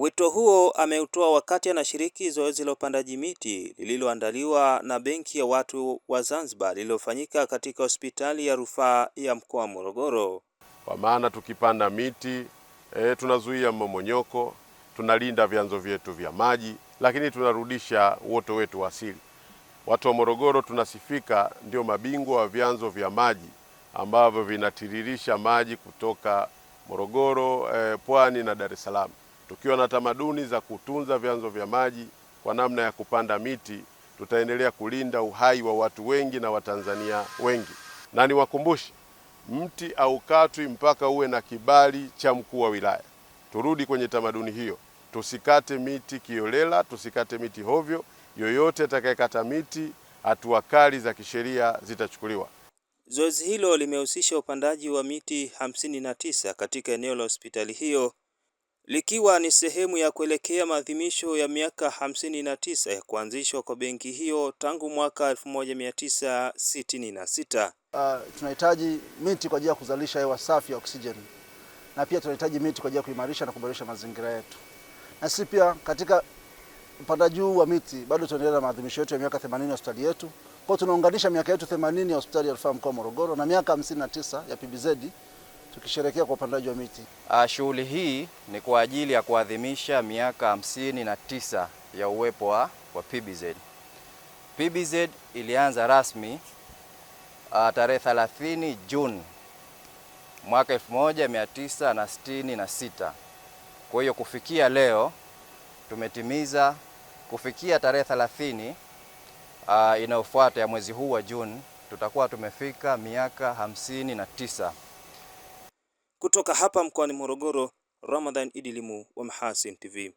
Wito huo ameutoa wakati anashiriki zoezi la upandaji miti lililoandaliwa na Benki ya Watu wa Zanzibar lililofanyika katika Hospitali ya Rufaa ya Mkoa wa Morogoro. Kwa maana tukipanda miti e, tunazuia mmomonyoko, tunalinda vyanzo vyetu vya maji, lakini tunarudisha uoto wetu wa asili. Watu wa Morogoro tunasifika ndio mabingwa wa vyanzo vya maji ambavyo vinatiririsha maji kutoka Morogoro, e, Pwani na Dar es Salaam. Tukiwa na tamaduni za kutunza vyanzo vya maji kwa namna ya kupanda miti, tutaendelea kulinda uhai wa watu wengi na Watanzania wengi. Na niwakumbushe, mti haukatwi mpaka uwe na kibali cha mkuu wa wilaya. Turudi kwenye tamaduni hiyo, tusikate miti kiolela, tusikate miti hovyo. Yoyote atakayekata miti, hatua kali za kisheria zitachukuliwa. Zoezi hilo limehusisha upandaji wa miti hamsini na tisa katika eneo la hospitali hiyo likiwa ni sehemu ya kuelekea maadhimisho ya miaka hamsini na tisa ya kuanzishwa kwa benki hiyo tangu mwaka 1966. Uh, ah, tunahitaji miti kwa ajili ya kuzalisha hewa safi ya oksijeni na pia tunahitaji miti kwa ajili ya kuimarisha na kuboresha mazingira yetu, na sisi pia katika upandaji juu wa miti bado tunaendelea na maadhimisho yetu ya miaka 80 ya hospitali yetu. Kwa hiyo tunaunganisha miaka yetu 80 ya hospitali ya rufaa mkoa wa Morogoro na miaka 59 ya PBZ tukisherekea kwa upandaji wa miti. Ah, shughuli hii ni kwa ajili ya kuadhimisha miaka hamsini na tisa ya uwepo wa, wa PBZ. PBZ ilianza rasmi ah, tarehe 30 Juni mwaka 1966. Kwa hiyo kufikia leo tumetimiza kufikia tarehe 30 ah, inayofuata ya mwezi huu wa Juni tutakuwa tumefika miaka hamsini na tisa. Kutoka hapa mkoani Morogoro, Ramadhan Idilimu wa Mahasin TV.